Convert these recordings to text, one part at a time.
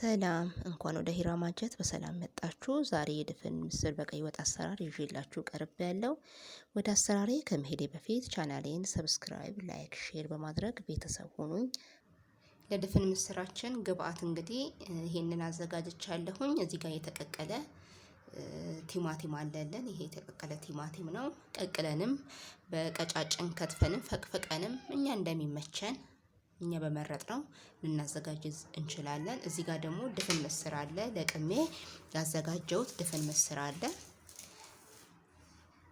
ሰላም እንኳን ወደ ሂራ ማጀት በሰላም መጣችሁ። ዛሬ የድፍን ምስር በቀይ ወጥ አሰራር ይዤላችሁ ቀርብ ያለው። ወደ አሰራሬ ከመሄዴ በፊት ቻናሌን ሰብስክራይብ፣ ላይክ፣ ሼር በማድረግ ቤተሰብ ሆኑኝ። ለድፍን ምስራችን ግብአት እንግዲህ ይሄንን አዘጋጅቻለሁኝ። እዚህ ጋር የተቀቀለ ቲማቲም አለልን። ይሄ የተቀቀለ ቲማቲም ነው። ቀቅለንም በቀጫጭን ከትፈንም ፈቅፍቀንም እኛ እንደሚመቸን እኛ በመረጥ ነው ልናዘጋጅ እንችላለን። እዚህ ጋር ደግሞ ድፍን ምስር አለ፣ ለቅሜ ያዘጋጀሁት ድፍን ምስር አለ።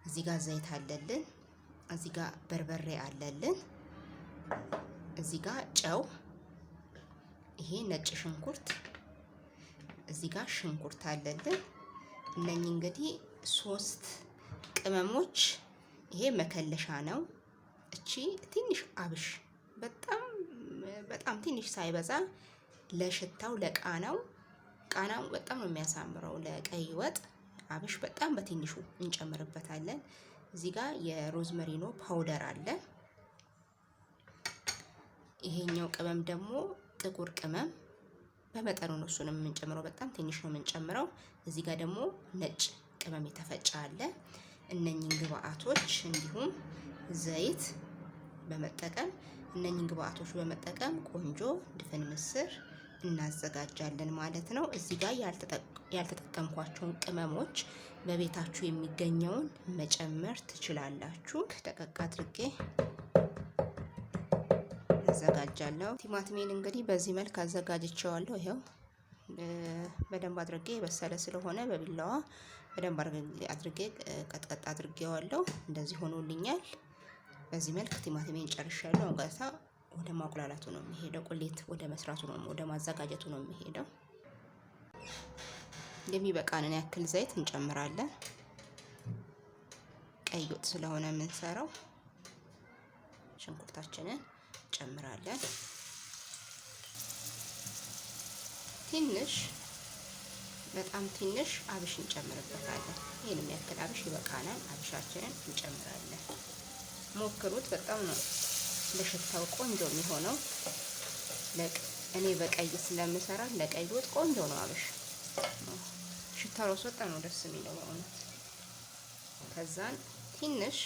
እዚህ ጋር ዘይት አለልን፣ እዚህ ጋር በርበሬ አለልን፣ እዚህ ጋር ጨው፣ ይሄ ነጭ ሽንኩርት፣ እዚህ ጋር ሽንኩርት አለልን። እነኚህ እንግዲህ ሶስት ቅመሞች፣ ይሄ መከለሻ ነው። እቺ ትንሽ አብሽ በጣም ትንሽ ሳይበዛ ለሽታው ለቃናው ቃናው በጣም ነው የሚያሳምረው። ለቀይ ወጥ አብሽ በጣም በትንሹ እንጨምርበታለን። እዚህ ጋር የሮዝመሪኖ ፓውደር አለ። ይሄኛው ቅመም ደግሞ ጥቁር ቅመም በመጠኑ ነው እሱንም የምንጨምረው። በጣም ትንሽ ነው የምንጨምረው። እዚህ ጋር ደግሞ ነጭ ቅመም የተፈጨ አለ። እነኚህን ግብአቶች እንዲሁም ዘይት በመጠቀም እነኝን ግብአቶች በመጠቀም ቆንጆ ድፍን ምስር እናዘጋጃለን ማለት ነው። እዚህ ጋር ያልተጠቀምኳቸውን ቅመሞች በቤታችሁ የሚገኘውን መጨመር ትችላላችሁ። ደቀቅ አድርጌ አዘጋጃለሁ። ቲማቲሜን እንግዲህ በዚህ መልክ አዘጋጅቼዋለሁ። ይኸው በደንብ አድርጌ የበሰለ ስለሆነ በቢላዋ በደንብ አድርጌ ቀጥቀጥ አድርጌዋለሁ። እንደዚህ ሆኖልኛል። በዚህ መልክ ቲማቲሜን ጨርሻለሁ። አጋታ ወደ ማቁላላቱ ነው የሚሄደው። ቁሌት ወደ መስራቱ ነው ወደ ማዘጋጀቱ ነው የሚሄደው። የሚበቃንን ያክል ዘይት እንጨምራለን። ቀይ ወጥ ስለሆነ የምንሰራው ሽንኩርታችንን እንጨምራለን። ትንሽ በጣም ትንሽ አብሽ እንጨምርበታለን። ይህንም ያክል አብሽ ይበቃናል። አብሻችንን እንጨምራለን። ሞክሩት። በጣም ነው ለሽታው ቆንጆ የሚሆነው። እኔ በቀይ ስለምሰራ ለቀይ ወጥ ቆንጆ ነው። አብሽ ሽታው ራሱ በጣም ነው ደስ የሚለው በእውነት። ከዛን ትንሽ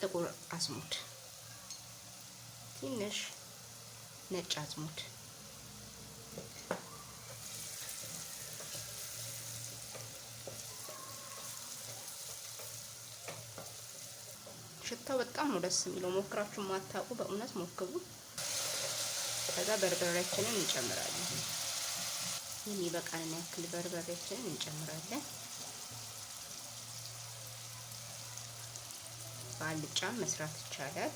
ጥቁር አዝሙድ፣ ትንሽ ነጭ አዝሙድ ሽታው በጣም ነው ደስ የሚለው። ሞክራችሁ ማታውቁ በእውነት ሞክሩ። ከዛ በርበሬያችንን እንጨምራለን። የሚበቃንን ያክል በርበሬያችንን እንጨምራለን። በአልጫም መስራት ይቻላል።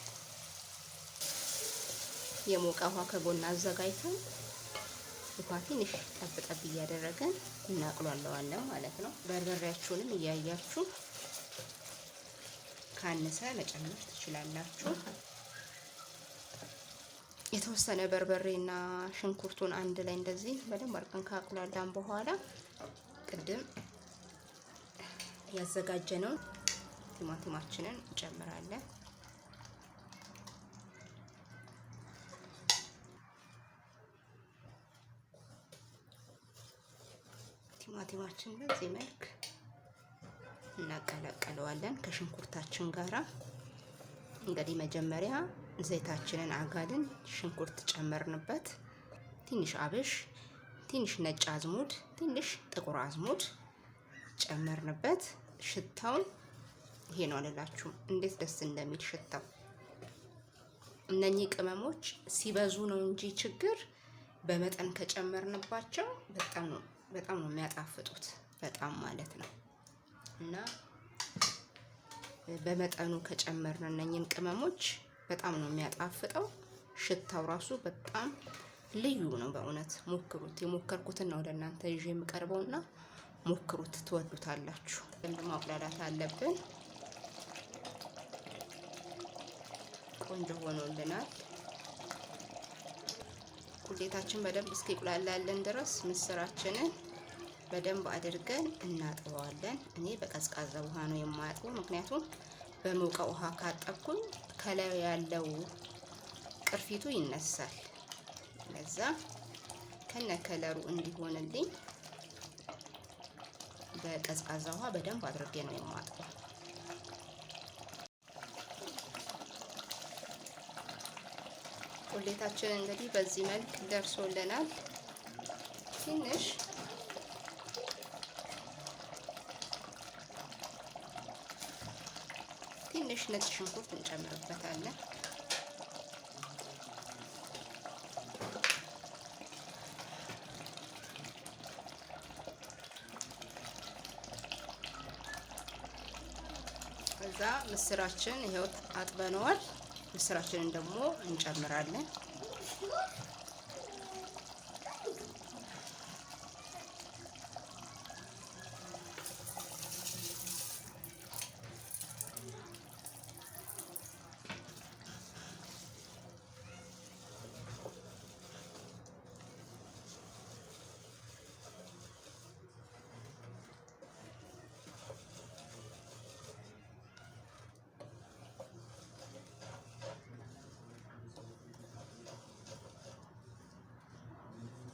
የሞቀ ውሃ ከጎን አዘጋጅተን ውሃ ትንሽ ጠብ ጠብ እያደረገን እናቅሏለዋለን ማለት ነው። በርበሬያችሁንም እያያችሁ ካነሰ መጨመር ትችላላችሁ። የተወሰነ በርበሬና ሽንኩርቱን አንድ ላይ እንደዚህ በደንብ አርቀን ካቁላላን በኋላ ቅድም ነው ቲማቲማችንን እንጨምራለን። ቲማቲማችን በዚህ መልክ እናቀላቀለዋለን ከሽንኩርታችን ጋራ። እንግዲህ መጀመሪያ ዘይታችንን አጋልን፣ ሽንኩርት ጨመርንበት፣ ትንሽ አብሽ፣ ትንሽ ነጭ አዝሙድ፣ ትንሽ ጥቁር አዝሙድ ጨመርንበት። ሽታውን ይሄ ነው አልላችሁም፣ እንዴት ደስ እንደሚል ሽታው። እነኚህ ቅመሞች ሲበዙ ነው እንጂ ችግር፣ በመጠን ከጨመርንባቸው በጣም ነው በጣም ነው የሚያጣፍጡት፣ በጣም ማለት ነው። እና በመጠኑ ከጨመርን እነኝን ቅመሞች በጣም ነው የሚያጣፍጠው። ሽታው ራሱ በጣም ልዩ ነው። በእውነት ሞክሩት። የሞከርኩትን ነው ወደ እናንተ ይዤ የምቀርበውና ሞክሩት፣ ትወዱታላችሁ። በደንብ ማቁላላት አለብን። ቆንጆ ሆኖልናል። ቁሌታችን በደንብ እስኪቁላላለን ድረስ ምስራችንን በደንብ አድርገን እናጥበዋለን። እኔ በቀዝቃዛ ውሃ ነው የማያጥበው፣ ምክንያቱም በሞቀ ውሃ ካጠብኩኝ ከላይ ያለው ቅርፊቱ ይነሳል። ለዛ ከነ ከለሩ እንዲሆንልኝ በቀዝቃዛ ውሃ በደንብ አድርጌ ነው የማጥበው። ቁሌታችን እንግዲህ በዚህ መልክ ደርሶልናል። ትንሽ ትንሽ ነጭ ሽንኩርት እንጨምርበታለን። እዛ ምስራችን ይኸው አጥበነዋል። ምስራችንን ደግሞ እንጨምራለን።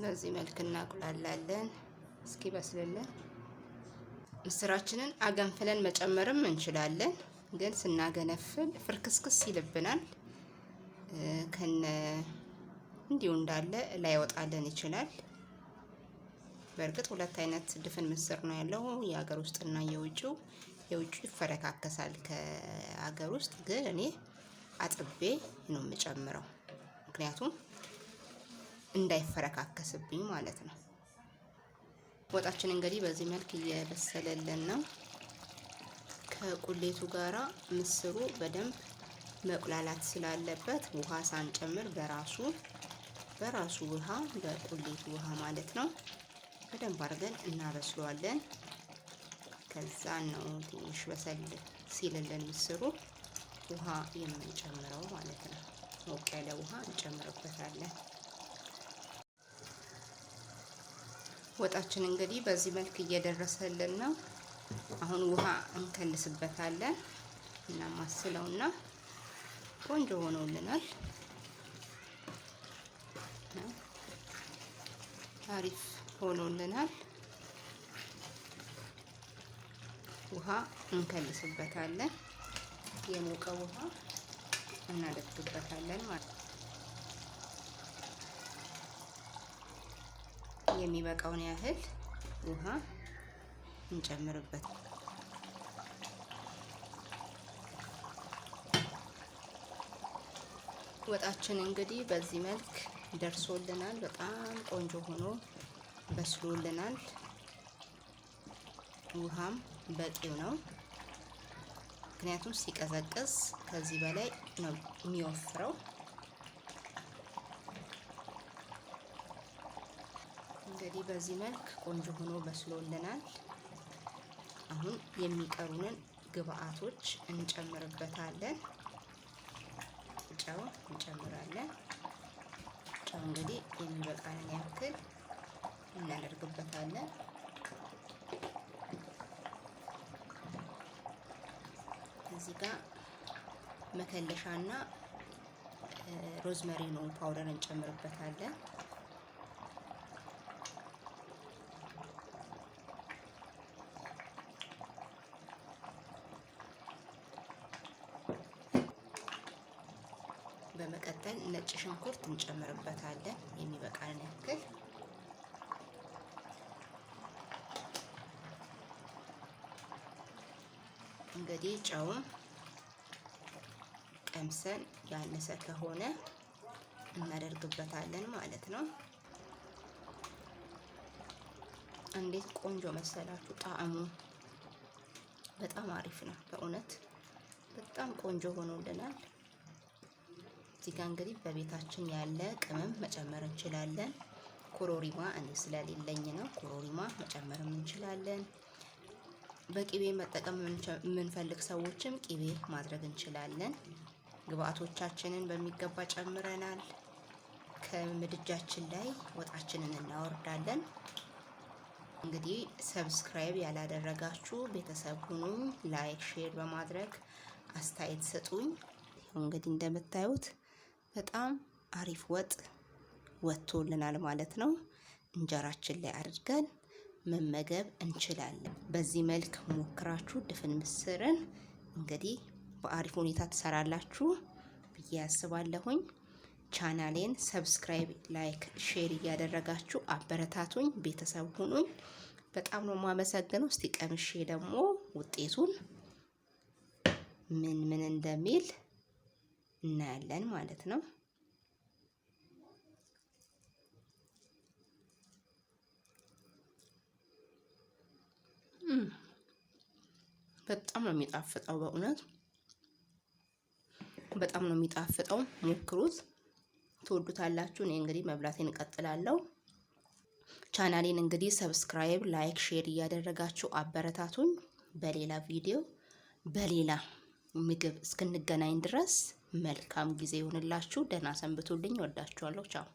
በዚህ መልክ እናቁላላለን። እስኪ በስልልን ምስራችንን አገንፍለን መጨመርም እንችላለን። ግን ስናገነፍል ፍርክስክስ ይልብናል። ከነ እንዲሁ እንዳለ ላይወጣለን ይችላል። በእርግጥ ሁለት አይነት ድፍን ምስር ነው ያለው የሀገር ውስጥና የውጭው። የውጭው ይፈረካከሳል ከሀገር ውስጥ። ግን እኔ አጥቤ ነው የምጨምረው ምክንያቱም እንዳይፈረካከስብኝ ማለት ነው። ወጣችን እንግዲህ በዚህ መልክ እየበሰለልን ነው። ከቁሌቱ ጋራ ምስሩ በደንብ መቁላላት ስላለበት ውሃ ሳንጨምር በራሱ በራሱ ውሃ በቁሌቱ ውሃ ማለት ነው በደንብ አድርገን እናበስሏለን። ከዛ ነው ትንሽ በሰል ሲልልን ምስሩ ውሃ የምንጨምረው ማለት ነው። ሞቅ ያለ ውሃ እንጨምርበታለን። ወጣችን እንግዲህ በዚህ መልክ እየደረሰልን ነው። አሁን ውሃ እንከልስበታለን እና ማስለውና ቆንጆ ሆኖልናል። አሪፍ ሆኖልናል። ውሃ እንከልስበታለን። የሞቀ ውሃ እናደርግበታለን ማለት ነው። የሚበቃውን ያህል ውሃ እንጨምርበት። ወጣችን እንግዲህ በዚህ መልክ ደርሶልናል። በጣም ቆንጆ ሆኖ በስሎልናል። ውሃም በቂው ነው። ምክንያቱም ሲቀዘቅዝ ከዚህ በላይ ነው የሚወፍረው። እንግዲህ በዚህ መልክ ቆንጆ ሆኖ በስሎልናል። አሁን የሚቀሩንን ግብአቶች እንጨምርበታለን። ጨው እንጨምራለን። ጨው እንግዲህ የሚበቃንን ያክል እናደርግበታለን። እዚህ ጋር መከለሻና ሮዝመሪኖ ፓውደር እንጨምርበታለን። ሽንኩርት እንጨምርበታለን የሚበቃን ያክል እንግዲህ ጨውም ቀምሰን ያነሰ ከሆነ እናደርግበታለን ማለት ነው። እንዴት ቆንጆ መሰላችሁ! ጣዕሙ በጣም አሪፍ ነው። በእውነት በጣም ቆንጆ ሆኖልናል። እዚህ ጋር እንግዲህ በቤታችን ያለ ቅመም መጨመር እንችላለን። ኮሮሪማ እኔ ስለሌለኝ ነው። ኮሮሪማ መጨመርም እንችላለን። በቂቤ መጠቀም የምንፈልግ ሰዎችም ቂቤ ማድረግ እንችላለን። ግብአቶቻችንን በሚገባ ጨምረናል። ከምድጃችን ላይ ወጣችንን እናወርዳለን። እንግዲህ ሰብስክራይብ ያላደረጋችሁ ቤተሰብ ሁኑ። ላይክ፣ ሼር በማድረግ አስተያየት ስጡኝ። እንግዲህ እንደምታዩት በጣም አሪፍ ወጥ ወጥቶልናል ማለት ነው። እንጀራችን ላይ አድርገን መመገብ እንችላለን። በዚህ መልክ ሞክራችሁ ድፍን ምስርን እንግዲህ በአሪፍ ሁኔታ ትሰራላችሁ ብዬ ያስባለሁኝ። ቻናሌን ሰብስክራይብ፣ ላይክ፣ ሼር እያደረጋችሁ አበረታቱኝ፣ ቤተሰብ ሁኑኝ። በጣም ነው የማመሰግነው። እስቲ ቀምሼ ደግሞ ውጤቱን ምን ምን እንደሚል እናያለን ማለት ነው። በጣም ነው የሚጣፍጠው። በእውነት በጣም ነው የሚጣፍጠው። ሞክሩት፣ ትወዱታላችሁ። እኔ እንግዲህ መብላቴን እቀጥላለሁ። ቻናሌን እንግዲህ ሰብስክራይብ፣ ላይክ፣ ሼር እያደረጋችሁ አበረታቱኝ። በሌላ ቪዲዮ በሌላ ምግብ እስክንገናኝ ድረስ መልካም ጊዜ ይሁንላችሁ። ደህና ሰንብቱልኝ። ወዳችኋለሁ። ቻው